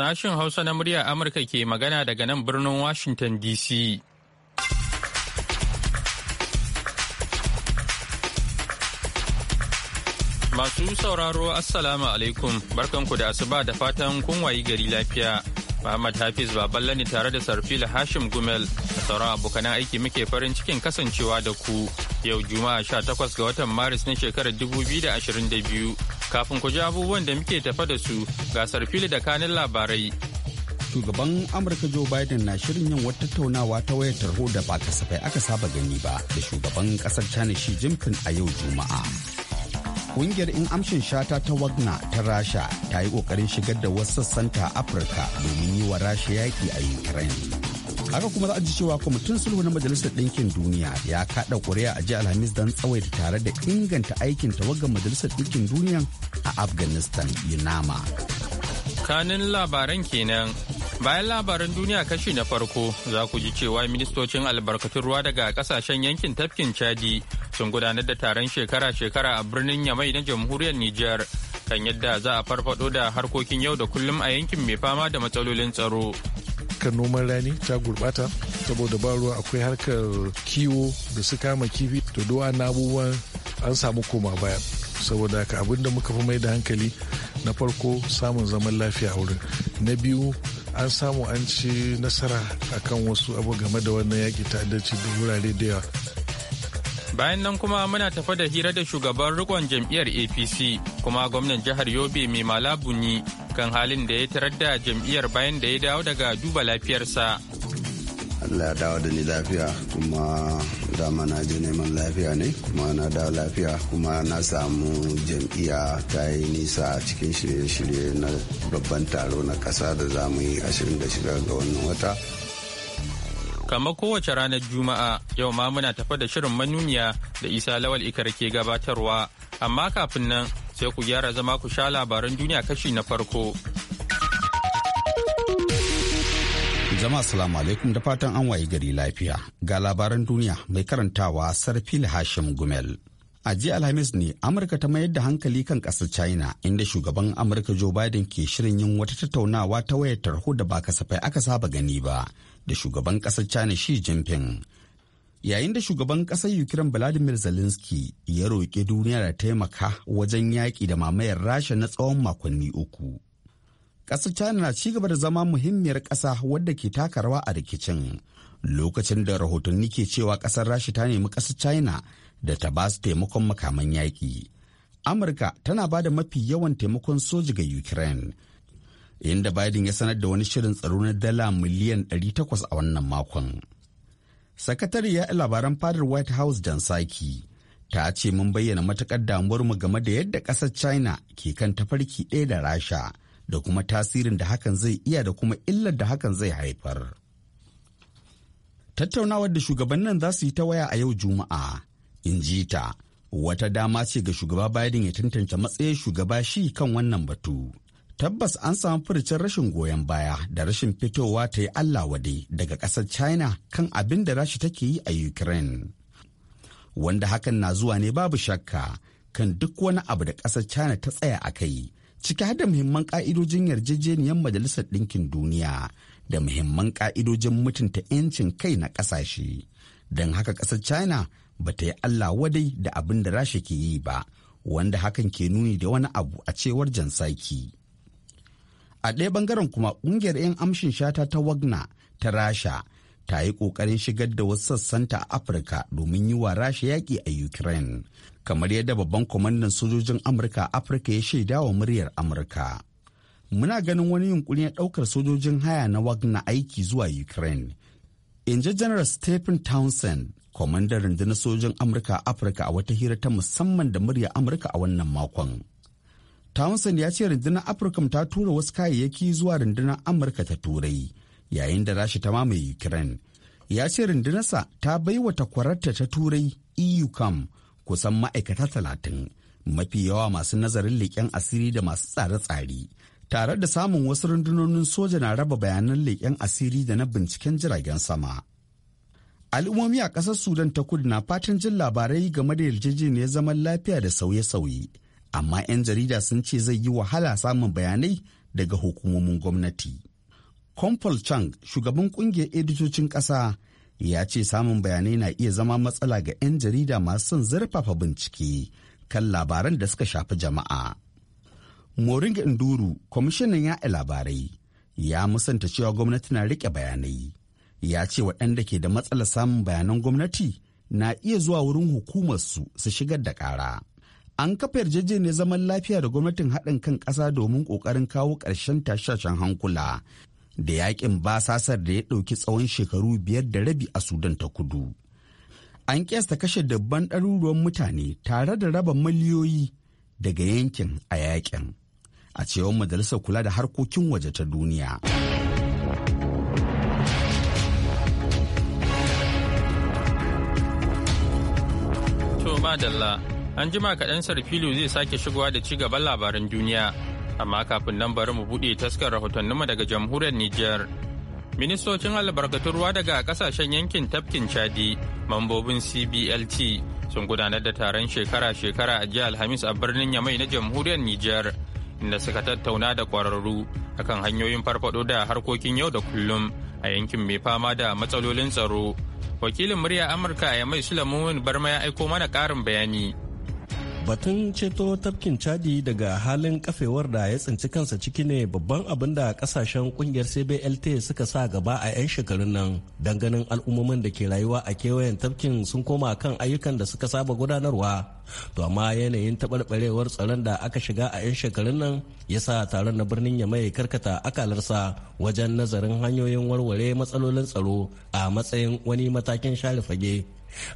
Sashen Hausa na muryar Amurka ke magana daga nan birnin Washington DC. Masu sauraro Assalamu alaikum barkanku da asuba da fatan kun wayi gari lafiya. Muhammad Hafiz Baballe ne tare da Sarfila Hashim Gumel da sauran abokanan aiki muke farin cikin kasancewa da ku yau Juma'a 18 ga watan Maris na shekarar 2022 kafin ku ji abubuwan da muke tafa da su ga Sarfila da kanin labarai. Shugaban Amurka Joe Biden na shirin yin wata tattaunawa ta wayar tarho da ba kasafai aka saba gani ba da shugaban kasar China Xi Jinping a yau Juma'a. Kungiyar in amshin shata ta Wagna ta Rasha ta yi kokarin shigar da wasu ta Afirka domin yi wa Rasha yaki a Ukraine. haka kuma za a ji cewa kwamitin sulhu na majalisar ɗinkin duniya ya kaɗa ƙuri'a a jiya alhamis don tsawaita tare da inganta aikin tawagar majalisar ɗinkin duniya a afghanistan yunama kanin labaran kenan bayan labaran duniya kashi na farko za ku ji cewa ministocin albarkatun ruwa daga kasashen yankin tafkin chadi sun gudanar da taron shekara-shekara a birnin Yamai na jamhuriyar Nijar kan yadda za a farfado da harkokin yau da kullum a yankin mai fama da matsalolin tsaro. kan noman rani ta gurbata saboda ba ruwa akwai harkar kiwo da su kama kifi da doa na abubuwan an samu koma baya saboda haka abin da muka fi mai da hankali na farko samun zaman lafiya wurin na biyu an samu an ci nasara akan wasu abu game da wannan yaki ta'addanci da wurare da yawa Bayan nan kuma muna tafa da hira da shugaban rikon jam'iyyar APC kuma gwamnan jihar Yobe mai malabuni kan halin da ya tarar da jam'iyyar bayan da ya dawo daga duba lafiyarsa. Allah ya dawo da ni lafiya kuma dama na je neman lafiya ne kuma na dawo lafiya kuma na samu jam'iyya ta yi nisa a cikin shirye-shirye na babban taro na kasa da zamu yi 26 ga wannan wata. Kamar kowace ranar Juma'a yau ma muna tafa da shirin manuniya da Isa Lawal Ikar ke gabatarwa, amma kafin nan sai ku gyara zama ku sha labaran duniya kashi na farko. Jama'a salamu alaikum da fatan an waye gari lafiya ga labaran duniya mai karantawa Sarfil Hashim Gumel. A jiya Alhamis ne Amurka ta mayar da hankali kan kasar China inda shugaban Amurka Joe Biden ke shirin yin wata tattaunawa ta wayar tarho da ba kasafai aka saba gani ba da shugaban ƙasar China Xi Jinping. Yayin da shugaban ƙasar Ukraine Vladimir Zelensky ya roƙi duniya da taimaka wajen yaƙi da mamayar Rasha na tsawon makonni uku. Ƙasar China na ci gaba da zama muhimmiyar ƙasa wadda ke taka rawa a rikicin. Lokacin da rahotanni ke cewa ƙasar Rasha ta nemi ƙasar China da ta ba su taimakon makaman yaƙi. Amurka tana ba da mafi yawan taimakon soji ga Ukraine. inda Biden ya sanar da wani shirin tsaro na dala miliyan 800 a wannan makon. sakatare ya labaran fadar White House Jan Saki ta ce mun bayyana matakar mu game da yadda ƙasar China ke kan tafarki ɗaya da Rasha da kuma tasirin da hakan zai iya da kuma illar da hakan zai haifar. Tattaunawar da shugabannin za su yi ta waya a yau Juma'a, in ji ta, wata dama ce ga shugaba Biden ya tantance matsayin shugaba shi kan wannan batu. tabbas an samu furucin rashin goyon baya da rashin fitowa ta yi Allah wade daga ƙasar China kan abin da rashi take yi a Ukraine. Wanda hakan na zuwa ne babu shakka kan duk wani abu da ƙasar China ta tsaya a kai, ciki har da muhimman ƙa'idojin yarjejeniyar Majalisar Ɗinkin Duniya da muhimman ƙa'idojin mutunta 'yancin kai na ƙasashe. Don haka ƙasar China ba ta yi Allah wadai da abin da rashi ke yi ba, wanda hakan ke nuni da wani abu a cewar Saki. a ɗaya bangaren kuma ƙungiyar 'yan amshin shata ta wagna ta rasha ta yi ƙoƙarin shigar da wasu sassanta a afirka domin yi wa rasha yaƙi a ukraine kamar yadda babban kwamandan sojojin amurka afirka ya shaida wa muryar amurka muna ganin wani yunkuri na ɗaukar sojojin haya na wagna aiki zuwa ukraine in ji general stephen townsend kwamandan rundunar sojojin amurka afirka a wata hira ta musamman da murya amurka a wannan makon Townsend ya ce rundunar Afirka ta tura wasu kayayyaki zuwa rundunar Amurka ta Turai yayin da Rasha ta mamaye Ukraine. Ya ce rundunarsa ta bai wa takwararta ta Turai EUCAM kusan ma'aikata talatin mafi yawa masu nazarin leƙen asiri da masu tsare-tsare tare da samun wasu rundunonin soja na raba bayanan leƙen asiri da na binciken jiragen sama. Al'ummomi a ƙasar Sudan ta kudu na fatan jin labarai game da yarjejeniyar zaman lafiya da sauye-sauye. amma 'yan jarida sun ce zai yi wahala samun bayanai daga hukumomin gwamnati. Kompol Chang, shugaban kungiyar editocin ƙasa, ya ce samun bayanai na iya zama matsala ga 'yan jarida masu son zurfafa bincike kan labaran da suka shafi jama'a. Moringa Nduru, kwamishinan ya labarai, ya musanta cewa gwamnati na riƙe bayanai. Ya ce waɗanda ke da matsalar samun bayanan gwamnati na iya zuwa wurin hukumarsu su shigar da ƙara. an kafa yarjejeniyar zaman lafiya da gwamnatin haɗin kan ƙasa domin ƙoƙarin kawo ƙarshen tashashen hankula da yaƙin basasar da ya ɗauki tsawon shekaru biyar da rabi a sudan ta kudu an ƙyasta kashe dabban ɗaruruwan mutane tare da raba miliyoyi daga yankin a yaƙin, a cewar majalisar kula da harkokin waje ta duniya to madalla An jima kaɗan Sarfilu zai sake shigowa da ci gaban labaran duniya. Amma kafin nan bari mu buɗe taskar rahotanninmu daga jamhuriyar Nijar. Ministocin albarkatun ruwa daga ƙasashen yankin tafkin Chadi, mambobin CBLT, sun gudanar da taron shekara-shekara a jiya Alhamis a birnin Yamai na jamhuriyar Nijar, inda suka tattauna da kwararru akan hanyoyin farfado da harkokin yau da kullum a yankin mai fama da matsalolin tsaro. Wakilin murya Amurka a Yamai sulamun Barma ya aiko mana ƙarin bayani. batun ceto tafkin chadi daga halin kafewar da ya tsinci kansa ciki ne babban abin da kasashen kungiyar cblt suka sa gaba a 'yan shekarun nan ganin al'ummomin da ke rayuwa a kewayen tafkin sun koma kan ayyukan da suka saba gudanarwa to amma yanayin taɓarɓarewar tsaron da aka shiga a 'yan shekarun nan ya sa taron na birnin ya mai karkata akalarsa wajen nazarin hanyoyin warware matsalolin tsaro a matsayin wani matakin share fage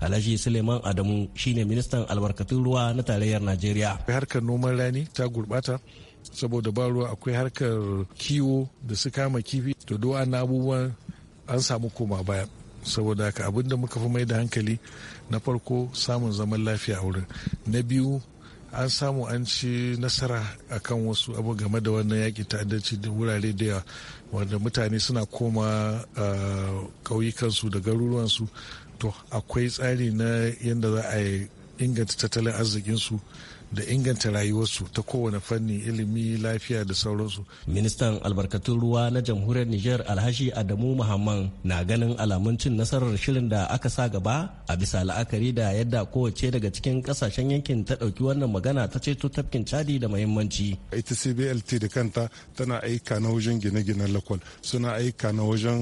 alhaji suleiman adamu shine ministan albarkatun ruwa na tarayyar najeriya harkar noman rani ta gurbata saboda ba ruwa akwai harkar kiwo da su kama kifi da do'a na abubuwan an samu koma baya saboda haka abin da muka fi mai da hankali na farko samun zaman lafiya a wurin na biyu an samu an ci nasara a kan wasu abu game da wannan yaƙi ta'addanci da wurare da yawa wanda mutane suna koma ah, ƙauyukansu da garuruwansu to akwai tsari na yadda za a inganta tattalin arzikinsu da inganta rayuwarsu ta kowane fanni ilimi lafiya da sauransu. Ministan albarkatun ruwa na jamhuriyar niger Alhaji Adamu Muhammad na ganin alamun cin nasarar shirin da aka sa gaba a bisa la'akari da yadda kowace daga cikin kasashen yankin ta ɗauki wannan magana ta ce ceto tafkin Chadi da muhimmanci. Ita CBLT da kanta tana aika na wajen gine-ginen lakwal suna aika na wajen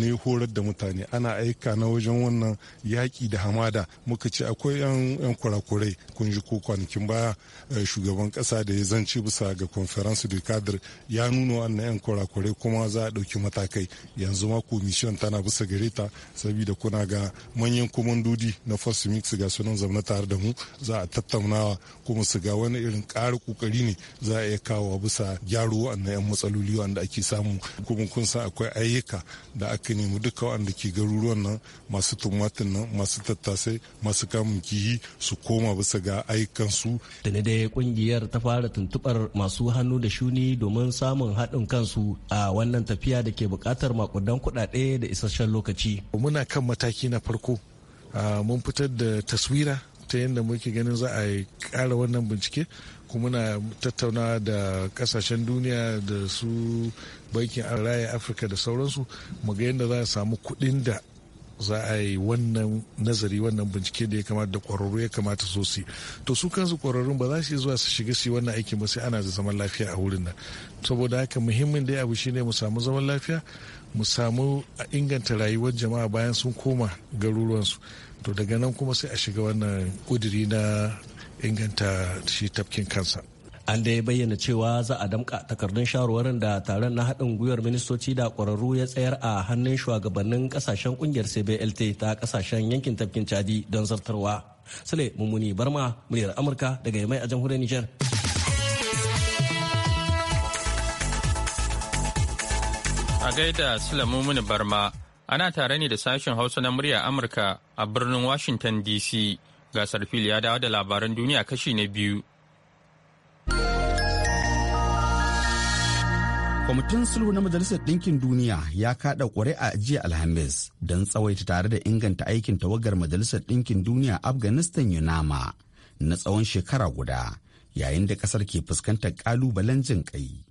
ne horar da mutane ana aika na wajen wannan yaƙi da hamada muka ce akwai 'yan kurakurai kun ji ko kwanakin ba baya eh, shugaban kasa da ya zanci bisa ga conference de cadre ya an na yan kurakurai kuma za a ɗauki matakai yanzu ma commission tana bisa gare ta saboda kuna ga manyan komandodi na first mix ga sunan zamna tare da mu za a tattaunawa kuma su ga wani irin ƙara kokari ne za a iya kawo bisa gyaro wannan yan matsaloli wanda ake samu kuma kun san akwai ayyuka da aka nemi duka wanda ke garuruwan nan masu tumatin nan masu tattasai masu kamun kihi su koma bisa ga ayyukansu da na dai kungiyar ta fara tuntubar masu hannu da shuni domin samun haɗin kansu a wannan tafiya da ke buƙatar makudan kuɗaɗe da isasshen lokaci. Muna kan mataki na farko mun fitar da taswira ta yadda muke ganin za a yi ƙara wannan bincike kuma na tattauna da kasashen duniya da su bankin raya afirka da sauransu mu ga yadda za a samu kuɗin da za a yi wannan nazari wannan bincike da ya kamata da kwararru ya kamata so su to su kansu kwararrun ba za su zuwa su shiga su wannan aikin ba sai ana da zaman lafiya a wurin nan saboda haka muhimmin dai abu shine mu samu zaman lafiya mu samu a inganta rayuwar jama'a bayan sun koma garuruwansu to daga nan kuma sai a shiga wannan ƙudiri na inganta shi tafkin kansa an da ya bayyana cewa za a damka takardun shawarwarin da taron na haɗin gwiwar ministoci da ƙwararru ya tsayar a hannun shugabannin ƙasashen ƙungiyar cblt ta ƙasashen yankin tafkin chadi don zartarwa sule mummuni barma muryar amurka daga yamai a jamhuriyar nijar a gaida sule mummuni barma ana tare ne da sashen hausa na muryar amurka a birnin washington dc gasar fili ya dawo da labaran duniya kashi na biyu Kwamitin sulhu na Majalisar Ɗinkin Duniya ya kaɗa ƙuri'a jiya Alhamis don tsawaita tare da inganta aikin tawagar Majalisar Ɗinkin Duniya Afghanistan Yunama na tsawon shekara guda yayin da ƙasar ke fuskantar ƙalubalen jin ƙai.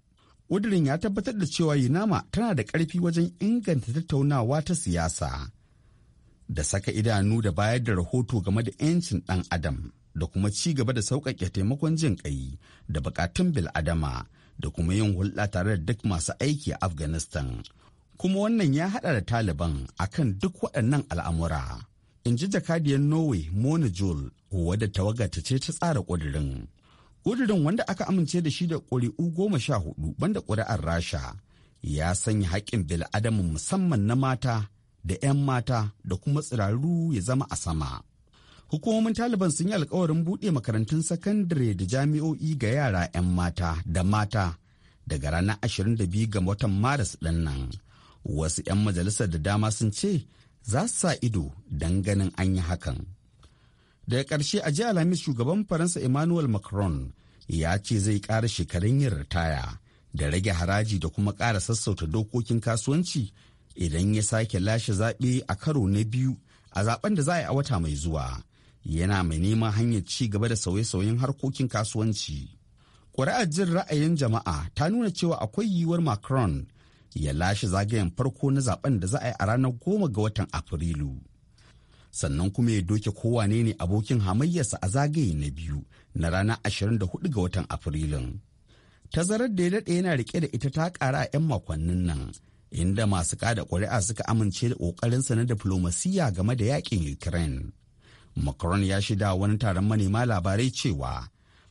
Ƙudurin ya tabbatar da cewa Yunama tana da ƙarfi wajen inganta tattaunawa ta siyasa da saka idanu da bayar da rahoto game da 'yancin ɗan adam da kuma ci gaba da sauƙaƙe taimakon jin ƙai da buƙatun bil'adama. da kuma yin hulɗa tare da duk masu aiki a afghanistan kuma wannan ya haɗa da taliban akan duk waɗannan al'amura in ji jakadiyar norway mona jol wadda tawagata ce ta tsara ƙudurin ƙudurin wanda aka amince da shi da ƙuri'u goma sha hudu banda ƙuri'ar rasha ya sanya haƙƙin bil'adamin musamman na mata da 'yan mata da kuma tsiraru ya zama a sama. hukumomin taliban sun yi alkawarin buɗe makarantun sakandare da jami'o'i ga yara 'yan mata da mata daga ranar 22 ga watan maris ɗin nan wasu 'yan majalisar da dama sun ce za su sa ido don ganin an yi hakan daga ƙarshe a jiya alhamis shugaban faransa emmanuel macron ya ce zai ƙara shekarun yin ritaya da rage haraji da kuma ƙara sassauta dokokin kasuwanci idan ya sake lashe zaɓe a karo na biyu a zaɓen da za a yi a wata mai zuwa yana mai neman hanyar ci gaba da sauye-sauyen harkokin kasuwanci. Ƙuri'ar jin ra'ayin jama'a ta nuna cewa akwai yiwuwar Macron ya lashe zagayen farko na zaben da za a yi a ranar goma ga watan Afrilu. Sannan kuma ya doke kowane ne abokin hamayyarsa a zagaye na biyu na ranar 24 ga watan Afrilun. Tazarar da ya daɗe yana riƙe da ita ta ƙara a 'yan makonnin nan, inda masu ƙada ƙuri'a suka amince da ƙoƙarinsa na diflomasiyya game da yaƙin Ukraine. macron ya shida wani taron manema labarai cewa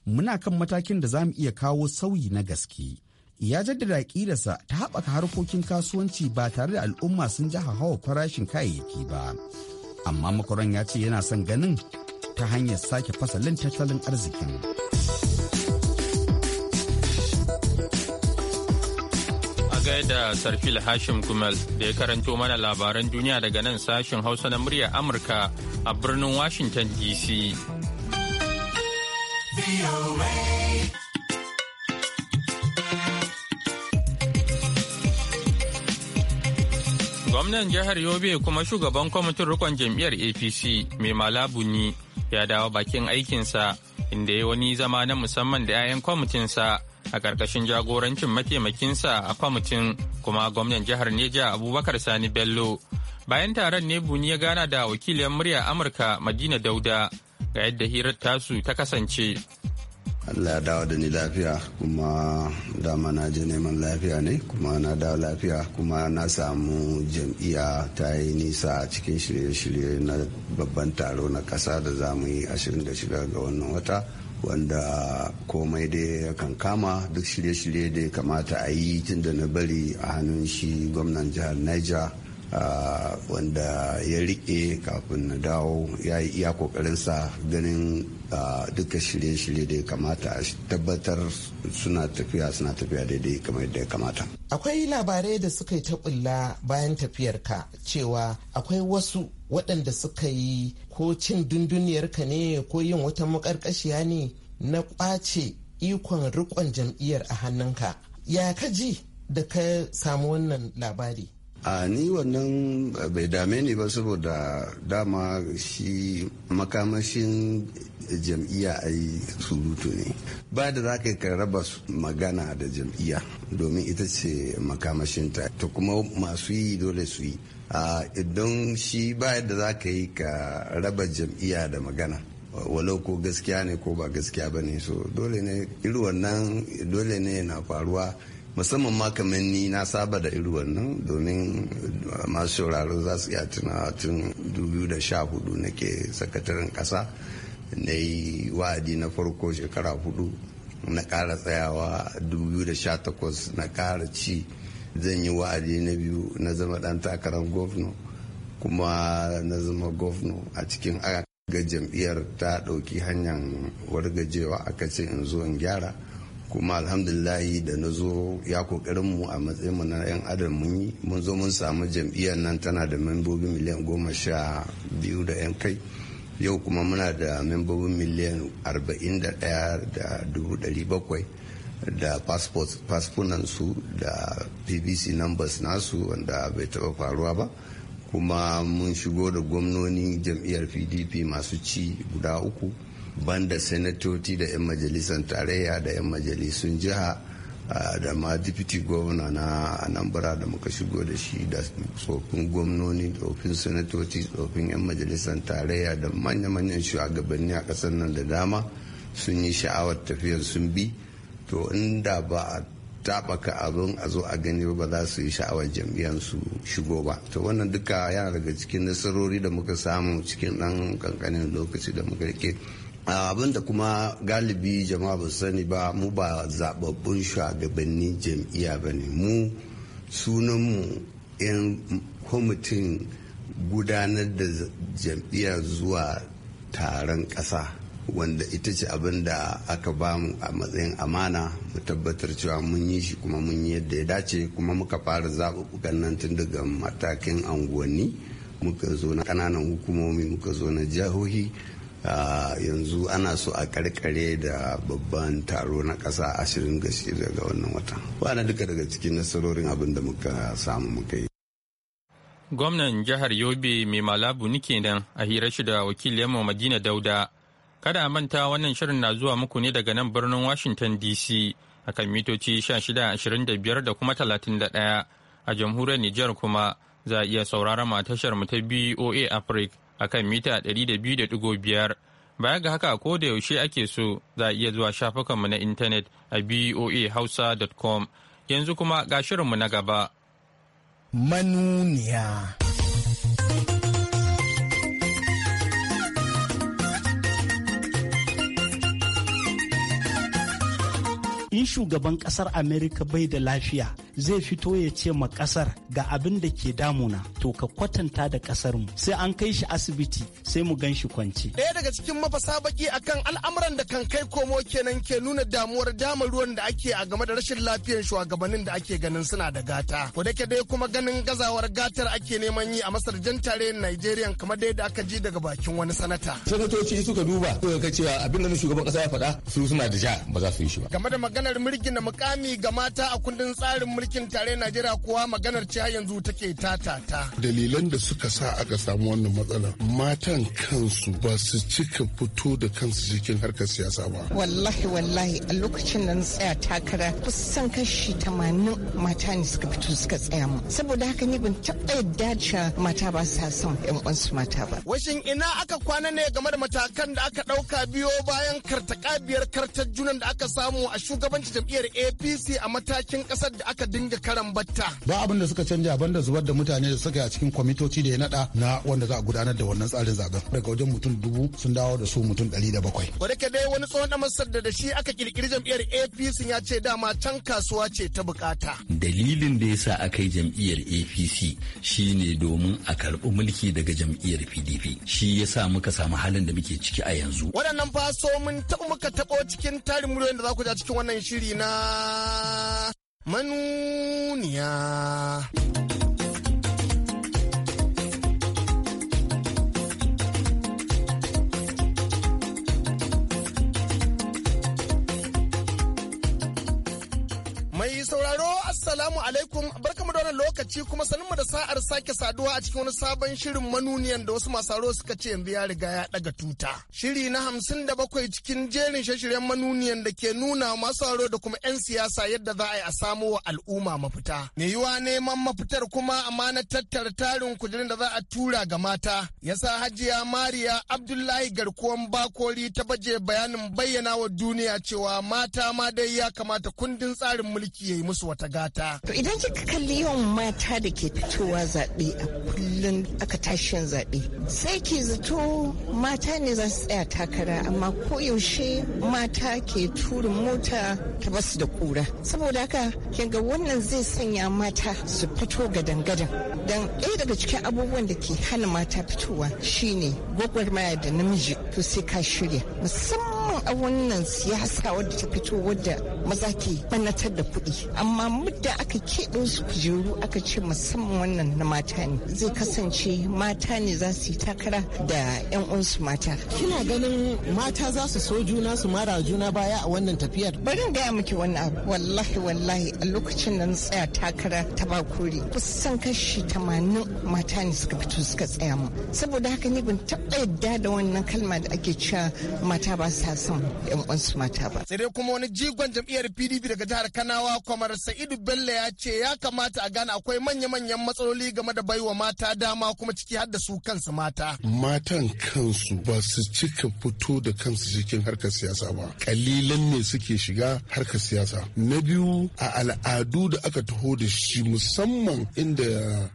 muna kan matakin da za mu iya kawo sauyi na gaske ya jaddada ƙirarsa ta haɓaka harkokin kasuwanci ba tare da al'umma sun ji hawa farashin kayayyaki ba amma macron ya ce yana son ganin ta hanyar sake fasalin tattalin arzikin. gaida Sarfil Hashim Gumel da ya karanto mana labaran duniya daga nan sashen Hausa na murya Amurka a birnin Washington DC. Gwamnan jihar Yobe kuma shugaban kwamitin rikon jam'iyyar APC mai malabu ni ya dawo bakin aikinsa inda ya wani zama na musamman da 'ya'yan kwamitinsa. a ƙarƙashin jagorancin mataimakinsa a kwamitin kuma gwamnan jihar Neja Abubakar Sani Bello. Bayan taron ne Buni ya gana da wakilin murya Amurka Madina Dauda ga yadda hirar tasu ta kasance. Allah ya dawo da ni lafiya kuma dama na je neman lafiya ne kuma na dawo lafiya kuma na samu jam'iyya ta yi nisa a cikin shirye-shirye na babban taro na ƙasa da za mu yi 26 ga wannan wata. wanda komai dai kan kama duk shirye-shirye da kamata a yi tun da na bari a hannun shi gwamnan jihar niger wanda ya rike kafin na dawo ya yi iya kokarinsa ganin duka shirye-shirye da ya kamata a tabbatar suna tafiya suna tafiya daidai kamar da ya kamata akwai labarai da suka yi ta bayan tafiyarka cewa akwai wasu waɗanda suka yi ko cin dunduniyarka ne ko yin wata makarkashiya ne na ƙwace ikon riƙon jam'iyyar a hannunka ya ka ji da ka samu wannan labari a ni wannan bai dame ni ba saboda dama shi makamashin jam'iyya a yi surutu ne ba da za ka raba magana da jam'iyya domin ita ce makamashinta ta kuma masu yi dole su yi idan shi ba da za ka yi ka raba jam'iyya da magana walau ko gaskiya ne ko ba gaskiya ba ne so dole ne iri wannan dole ne na faruwa musamman ma kamar ni na saba da iri wannan domin masu sauraro za su iya tuna tun 2014 nake sakataren kasa na yi wa'adi na farko shekara hudu na kara tsayawa 2018 na kara ci zan yi wa'adi na biyu na zama dan takarar gofno kuma na zama gofno a cikin ga jam'iyyar ta ɗauki hanyar wargajewa aka ce in zo in gyara kuma alhamdulillahi da na zo ya kokarin mu a matsayin mu na yan adam mun yi mun zo mun samu jam'iyyar nan tana da membobi miliyan goma sha biyu da yan kai yau kuma muna da membobi miliyan arba'in da fasfunansu da pbc numbers nasu wanda bai taɓa faruwa ba kuma mun shigo da gwamnoni jam'iyyar pdp masu ci guda uku banda sanatoci da 'yan majalisar tarayya da 'yan majalisun jiha da ma deputy governor na anambra da muka shigo da shi da tsofin gwamnoni tsofin sanatoci tsofin 'yan majalisar tarayya da manya-manyan shugabanni a ƙasar nan da dama sun yi sha'awar tafiyar sun bi to inda ba a ka abin a zo a gani ba za su yi sha'awar jam'iyyar su shigo ba to wannan duka yana daga cikin nasarori da muka samu cikin dan kankanin lokaci da muka rike Ah, abin da kuma galibi jama'a ba sani ba mu ba zababbun shugabannin jam'iyya ba ne mu sunanmu 'yan kwamitin gudanar da jam'iyya zuwa taron ƙasa wanda ita ce abin da aka ba mu a matsayin amana mu tabbatar cewa mun yi shi kuma mun yi yadda ya dace kuma muka fara zaɓuɓɓukan nan tun daga matakin anguwanni muka zo na ƙananan hukumomi muka zo na jihohi Ah, yanzu ana so a karkare da babban taro na ƙasa ashirin gashi daga wannan watan wana duka daga cikin nasarorin abin da muka samu muka yi gwamnan jihar yobe mai malabu nike nan a hira shi da wakiliyarmu madina dauda kada a manta wannan shirin na zuwa muku ne daga nan birnin washington dc a kan mitoci 1625 da kuma 31 a jamhuriyar niger kuma za a iya sauraron tashar mu ta boa africa a kan mita 200.5 baya ga haka ko da yaushe ake so za a iya zuwa shafukanmu na intanet a boahausa.com yanzu kuma ga shirinmu na gaba. Manuniya. in shugaban kasar amerika bai da lafiya zai fito ya ce ma kasar ga abin da ke damuna to ka kwatanta da kasar mu sai an kai shi asibiti sai mu gan shi kwance ɗaya daga cikin mafasa baki akan al'amuran da kan kai komo kenan ke nuna damuwar damar ruwan da ake a game da rashin lafiyar shugabannin da ake ganin suna da gata ko da dai kuma ganin gazawar gatar ake neman yi a masar jan tarayyar Najeriya kamar dai da aka ji daga bakin wani sanata sanatoci suka duba ko ga cewa abin da shugaban kasa ya faɗa su suna da ja ba za su yi shi ba game da maganar mulkin da mukami ga mata a kundin tsarin mulkin tare Najeriya kuwa maganar ciha yanzu take ta tatata. Dalilan da suka sa aka samu wannan matsala matan kansu ba su cika fito da kansu cikin harkar siyasa ba. Wallahi wallahi a lokacin da na tsaya takara kusan kashi tamanin mata ne suka fito suka tsaya mu. Saboda haka ni ban taɓa yadda cewa mata ba sa son ƴan uwansu mata ba. Washin ina aka kwana ne game da matakan da aka ɗauka biyo bayan kartakabiyar kartar junan da aka samu a shugabancin jam'iyyar APC a matakin ƙasar da aka dinga karan batta ba abin da suka canja da zubar da mutane da suka yi a cikin kwamitoci da ya nada na wanda za a gudanar da wannan tsarin zaben daga wajen mutum dubu sun dawo da su mutum ɗari da bakwai. Kwada dai wani tsohon masar da shi aka kirkiri jam'iyyar APC ya ce dama can kasuwa ce ta bukata. Dalilin da ya sa aka yi jam'iyyar APC shine domin a karɓi mulki daga jam'iyyar PDP shi ya sa muka samu halin da muke ciki a yanzu. Waɗannan faso mun taɓa muka taɓo cikin tarin muryoyin da za ku ja cikin wannan shiri na manuniya. Mai sauraro Assalamu alaikum barkamu da wannan lokaci kuma sanin da sa'ar sake saduwa a cikin wani sabon shirin manuniyan da wasu masu aro suka ce yanzu ya riga ya daga tuta. Shiri na hamsin da bakwai cikin jerin shashiryan manuniyan da ke nuna masu aro da kuma 'yan siyasa yadda za a yi a samo wa al'umma mafita. Me yiwa neman mafitar kuma amma na tattara tarin kujerin da za a tura ga mata. Yasa Hajiya Mariya Abdullahi garkuwan bakori ta baje bayanin bayyana wa duniya cewa mata ma dai ya kamata kundin tsarin mulki ya yi musu wata gata. To idan kika kalli yawan mata da ke fitowa zaɓe a kullum aka yin zaɓe. Sai ke zato mata ne za su tsaya takara amma koyaushe mata ke tura mota ta basu da kura. Saboda haka kinga wannan zai sanya mata su fito gadan-gadan. Dan ɗaya daga cikin abubuwan da ke hana mata fitowa shine gwagwarmaya da namiji to sai ka shirya musamman a wannan siyasa wadda ta fito wadda maza ke banatar da kuɗi amma mudda aka keɓe su kujeru aka ce musamman wannan na mata ne zai kasance mata ne za su yi takara da 'yan uwansu mata kina ganin mata za su so juna su mara juna baya a wannan tafiyar bari gaya miki wani abu wallahi wallahi a lokacin da na tsaya takara ta bakuri kusan kashi tamanin mata ne suka fito suka tsaya mu saboda haka ne ban taɓa yadda da wannan kalma da ake cewa mata ba sa ba son yan uwansu mata ba. Sai dai kuma wani jigon jam'iyyar PDP daga jihar Kanawa kamar Sa'idu Bello ya ce ya kamata a gane akwai manya-manyan matsaloli game da baiwa mata dama kuma ciki har da su kansu mata. Matan kansu ba su cika fito da kansu cikin harkar siyasa ba. Kalilan ne suke shiga harkar siyasa. Na biyu a al'adu da aka taho da shi musamman inda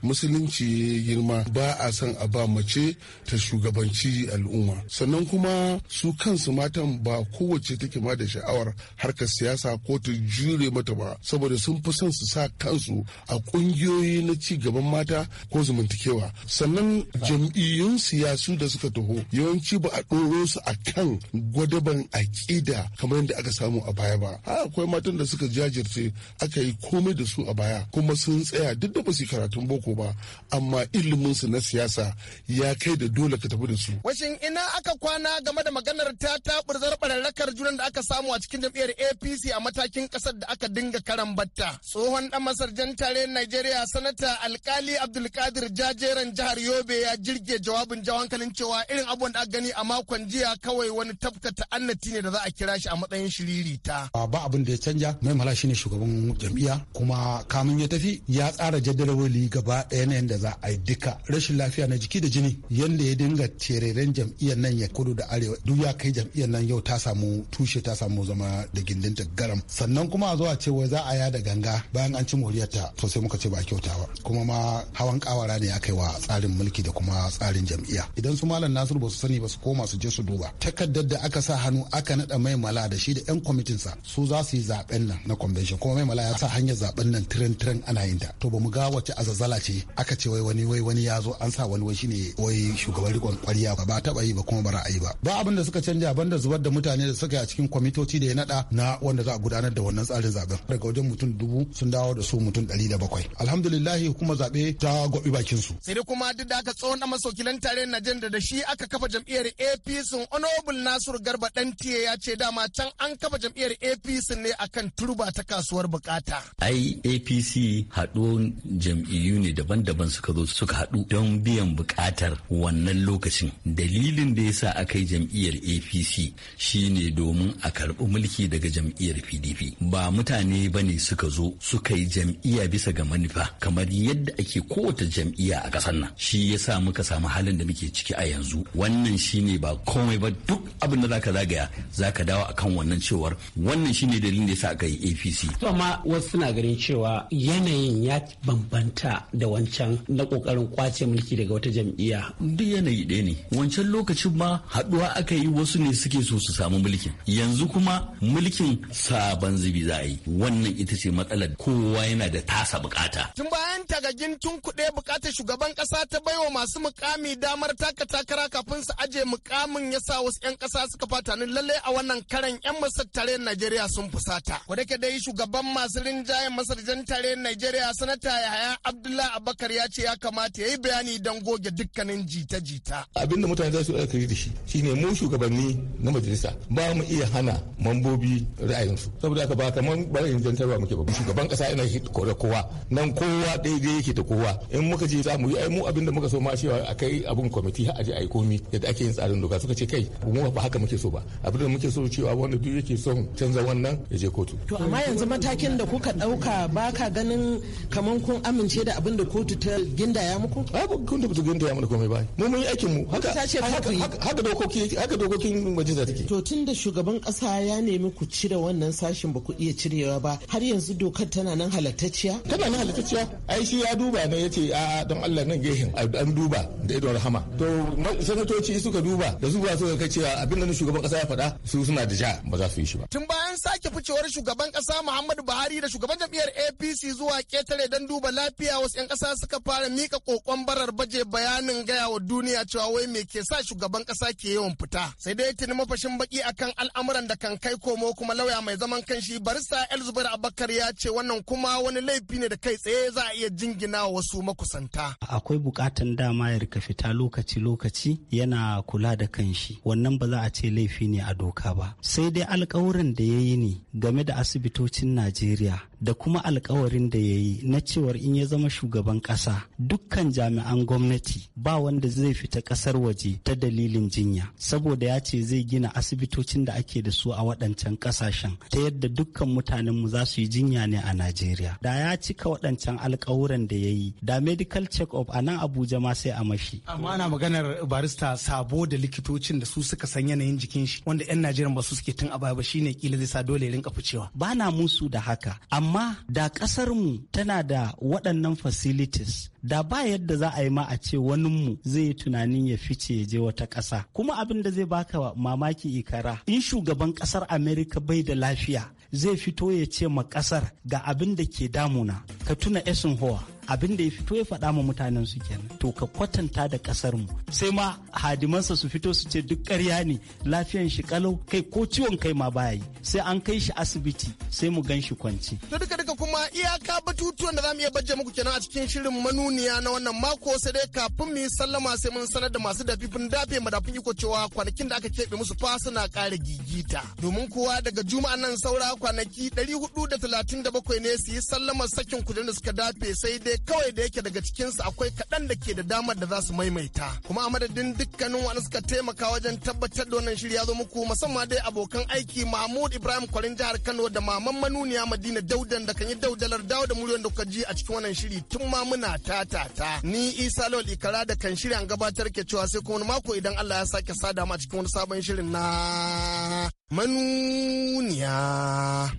musulunci ya girma ba a son a ba mace ta shugabanci al'umma. Sannan kuma su kansu matan ba kowace take ma da sha'awar harkar siyasa ko ta jure mata ba saboda sun fi son su sa kansu a kungiyoyi na ci gaban mata ko zumuntakewa sannan jam'iyyun siyasu da suka taho yawanci ba a ɗoro su a kan gwadaban aƙida kamar yadda aka samu a baya ba a akwai matan da suka jajirce aka yi komai da su a baya kuma sun tsaya duk da basu su karatun boko ba amma ilimin su na siyasa ya kai da dole ka tafi da su washin ina aka kwana game da maganar ta taɓur taɓarɓarzar bararrakar junan da aka samu a cikin jam'iyyar apc a matakin kasar da aka dinga karan batta tsohon ɗan masarjan tare najeriya sanata alkali abdulkadir jajeren jihar yobe ya jirge jawabin jawankalin cewa irin abubuwan da aka gani a makon jiya kawai wani tafkata annati ne da za a kira shi a matsayin shiririta. ba abin da ya canja mai mala shine shugaban jam'iyya kuma kamun ya tafi ya tsara jadawali gaba ɗaya na yadda za a yi duka rashin lafiya na jiki da jini yadda ya dinga tereren jam'iyyar nan ya kudu da arewa duk ya kai jam'iyyar nan yau ta samu tushe ta samu zama da gindinta garam sannan kuma a zo a za a yada ganga bayan an ci moriyarta to sai muka ce ba kyauta ba kuma ma hawan kawara ne aka yi wa tsarin mulki da kuma tsarin jam'iyya idan su malam nasiru ba su sani ba su koma su je su duba takardar da aka sa hannu aka nada mai mala da shi da yan kwamitin sa su za su yi zaben nan na convention kuma mai mala ya sa hanyar zaben nan tiren tiren ana yin ta to ba mu ga wace azazala ce aka ce wai wani wai wani ya zo an sa wani wai shine wai shugaban rikon kwariya ba taba yi ba kuma ba ra'ayi ba ba abin da suka canja banda zubar tabbatar da mutane da suka yi a cikin kwamitoci da ya nada na wanda za a gudanar da wannan tsarin zaben daga wajen mutum dubu sun dawo da su mutum ɗari da bakwai alhamdulillahi hukumar zaɓe ta gwabi bakin su. sai dai kuma duk da aka tsohon dan masokilan tare najeriya da shi aka kafa jam'iyyar apc honorable nasur garba dan tiye ya ce dama can an kafa jam'iyyar apc ne akan turba ta kasuwar bukata. ai apc haɗuwan jam'iyyu ne daban-daban suka zo suka haɗu don biyan bukatar wannan lokacin dalilin da yasa aka yi jam'iyyar apc shine domin a karɓi mulki daga jam'iyyar pdp ba mutane ba ne suka zo suka yi jam'iyya bisa ga manufa kamar yadda ake kowace jam'iyya a ƙasar nan shi yasa muka samu halin da muke ciki a yanzu wannan shine ba komai ba duk abin da zaka zagaya zaka dawo akan wannan cewar wannan shine dalilin da yasa aka yi apc to amma wasu suna ganin cewa yanayin ya bambanta da wancan na kokarin kwace mulki daga wata jam'iyya duk yanayi ɗaya ne wancan lokacin ma haɗuwa aka yi wasu ne suke so su samu mulkin yanzu kuma mulkin sabon zubi za yi wannan ita ce matsalar kowa yana da tasa bukata tun bayan tagagin tun kuɗe bukatar shugaban kasa ta baiwa masu mukami damar taka takara kafin su aje mukamin ya sa wasu 'yan kasa suka fata ni lalle a wannan karan 'yan masar tare Najeriya sun fusata ko da dai shugaban masu rinjayen masar jan tare Najeriya sanata Yahaya Abdullahi Abakar ya ce ya kamata ya yi bayani don goge dukkanin jita-jita abinda mutane za su da shi shine mu shugabanni na majalisa ba mu iya hana mambobi ra'ayinsu saboda haka ba kamar barayin jantarwa muke ba shugaban kasa ina kore kowa nan kowa daidai yake da kowa in muka je za mu yi ai mu abin da muka so ma cewa kai abun kwamiti har a yi komi yadda ake yin tsarin doka suka ce kai mu ba haka muke so ba abin da muke so cewa wanda duk yake son canza wannan ya je kotu to amma yanzu matakin da kuka dauka ba ka ganin kamar kun amince da abin da kotu ta gindaya muku a kun da gindaya da komai ba mu mun yi aikin mu haka haka dokoki haka dokokin majalisa take to tun da shugaban kasa ya nemi ku cire wannan sashin ba ku iya cirewa ba har yanzu dokar tana nan halattacciya tana nan halattacciya ai shi ya duba ne yace a don Allah nan gehin an duba da ido rahama to sanatoci suka duba da ba su kai cewa abin da shugaban kasa ya faɗa su suna da ja ba za su yi shi ba tun bayan sake ficewar shugaban kasa Muhammadu Buhari da shugaban jam'iyyar APC zuwa ketare don duba lafiya wasu 'yan kasa suka fara mika kokon barar baje bayanin gaya wa duniya cewa wai me ke sa shugaban kasa ke yawan fita sai dai tuni mafa karkashin baki akan al'amuran da kan kai komo kuma lauya mai zaman kanshi barista El Zubair Abakar ya ce wannan kuma wani laifi ne da kai tsaye za a iya jingina wa wasu makusanta. Akwai bukatan dama ya rika fita lokaci-lokaci yana kula da kanshi wannan ba za a ce laifi ne a doka ba. Sai dai alkawuran da ya yi ne game da asibitocin Najeriya da kuma alkawarin da ya yi na cewar in ya zama shugaban ƙasa dukkan jami'an gwamnati ba wanda zai fita kasar waje ta dalilin jinya saboda ya ce zai gina asibitocin da ake da su a waɗancan ƙasashen ta yadda dukkan mutanenmu za su yi jinya ne a najeriya da ya cika waɗancan alkawuran da ya yi da medical check up a nan abuja ma sai a mashi amma ana maganar barista sabo da likitocin da su suka san yanayin jikin shi wanda 'yan najeriya ba su suke tun a baya ba shine kila zai sa dole rinka ficewa ba na musu da haka amma amma da ƙasarmu tana da waɗannan facilities da ba yadda za a yi ma a ce waninmu zai yi tunanin ya fice ya je wata ƙasa kuma abin da zai baka mamaki ikara in shugaban ƙasar america bai da lafiya zai fito ya ce ma ƙasar ga abin da ke damuna ka tuna esin howa abin da ya fito ya faɗa ma mutanen su kenan to ka kwatanta da kasar mu sai ma hadimansa su fito su ce duk ƙarya ne lafiyan shi kalau kai ko ciwon kai ma baya yi sai an kai shi asibiti sai mu gan shi kwance to duka duka kuma iyaka batutuwan da zamu iya bajje muku kenan a cikin shirin manuniya na wannan mako sai dai kafin mu yi sallama sai mun sanar da masu dafifin dafe madafin iko cewa kwanakin da aka keɓe musu fa suna ƙara gigita domin kowa daga juma'a nan saura kwanaki 437 ne su yi sallamar sakin kudin da suka dafe sai dai kawai da yake daga cikinsu akwai kaɗan da ke da damar da za su maimaita kuma a madadin dukkanin wani suka taimaka wajen tabbatar da wannan shirya zo muku musamman dai abokan aiki mahmud ibrahim kwarin jihar kano da maman manuniya madina daudan da kan yi daudalar dawo da muryoyin da kuka ji a cikin wannan shiri tun ma muna ta ta ta ni isa lawal ikara da kan shirya an gabatar ke cewa sai kuma mako idan allah ya sake sada mu a cikin wani sabon shirin na manuniya.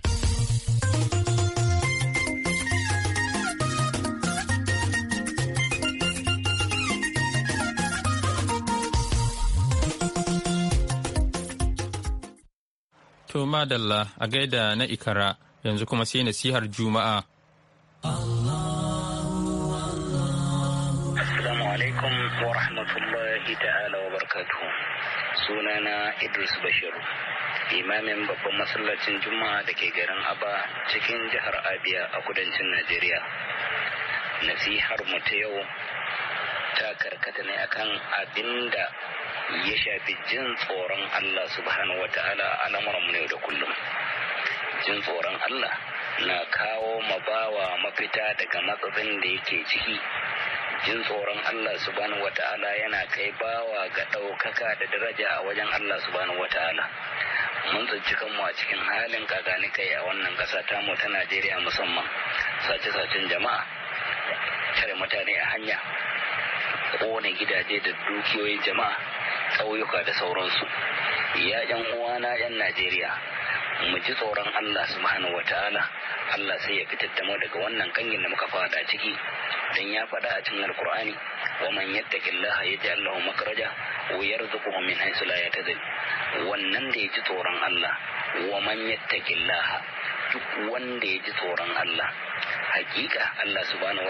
To madalla a gaida na ikara yanzu kuma sai nasihar juma'a. Assalamu alaikum wa rahmatullahi ta'ala wa barkatu. Sunana Idris Bashiru, imamin babban masallacin juma'a da ke garin Aba cikin jihar Abia a kudancin Najeriya. Nasihar mu ta yau ta karkata ne akan abinda ya shafi jin tsoron Allah subhanahu wa ta'ala mu ne da kullum jin tsoron Allah na kawo mabawa mafita daga matsatsin da yake ciki jin tsoron Allah subhanahu wata'ala yana kai bawa ga ɗaukaka da daraja a wajen Allah subhanahu wata'ala mun tsinci kanmu a cikin halin kagani kai a wannan ƙasa tamu ta Najeriya musamman sace-sacen jama'a tare mutane a hanya kone gidaje da dukiyoyin jama'a tsauyuka da sauransu ya yan uwana yan najeriya mu ji tsoron allah subhanahu wataala allah sai ya fitar da mu daga wannan kangin da muka fada ciki dan ya faɗa a cikin alkur'ani wa man yattaqillaha yaj'al lahu makhraja wa yarzuquhu min haythu la yahtasib wannan da ya ji tsoron allah wa man yattaqillaha duk wanda ya ji tsoron Allah hakika Allah subhanahu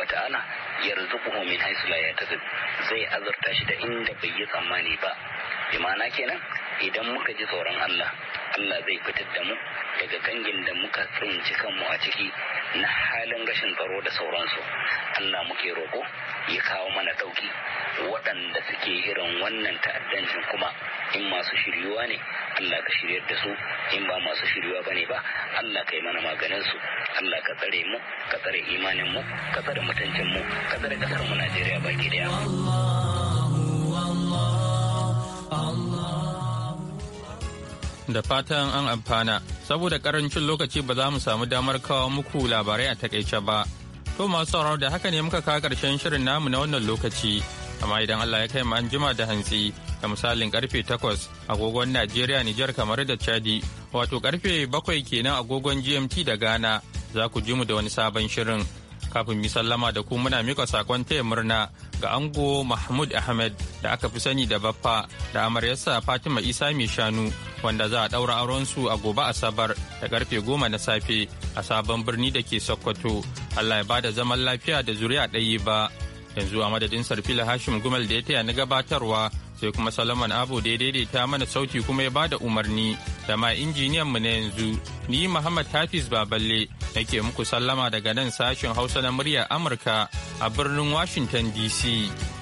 ya rizquhu min haythu la yahtasib zai azurta shi da inda bai yi tsammani ba imana kenan idan muka ji tsoron Allah Allah zai fitar da mu daga gangin da muka tsinci kanmu a ciki na halin rashin tsaro da sauransu Allah muke roƙo ya kawo mana ɗauki waɗanda suke irin wannan ta'addancin kuma in masu shiryuwa ne Allah ka shiryar da su in ba masu shiryuwa ba ne ba Allah ka yi mana maganin su Allah ka tsare mu ka tsare imanin mu ka tsare mutuncin mu ka tsare kasar mu Najeriya baki daya. da fatan an amfana saboda karancin lokaci ba za mu samu damar kawo muku labarai a takaice ba to masu sauraro da haka ne muka kawo karshen shirin namu na wannan lokaci amma idan Allah ya kai mu an jima da hantsi da misalin karfe 8 agogon Najeriya Niger kamar da Chadi wato karfe 7 kenan agogon GMT da Ghana za ku ji mu da wani sabon shirin kafin mi da ku muna mika sakon taya murna ga ango mahmud ahmed da aka fi sani da baffa da amaryarsa fatima isa mai shanu wanda za a ɗaura aurensu a gobe asabar da karfe goma na safe a sabon birni da ke sokoto allah ya bada zaman lafiya da zuriya ɗayi ba yanzu a madadin sarfila hashim gumal da ya taya na gabatarwa sai kuma salaman abu da ya daidaita mana sauti kuma ya ba da umarni da ma injiniyan mu na yanzu ni muhammad hafiz baballe nake muku sallama daga nan sashen hausa na muryar amurka a birnin washington dc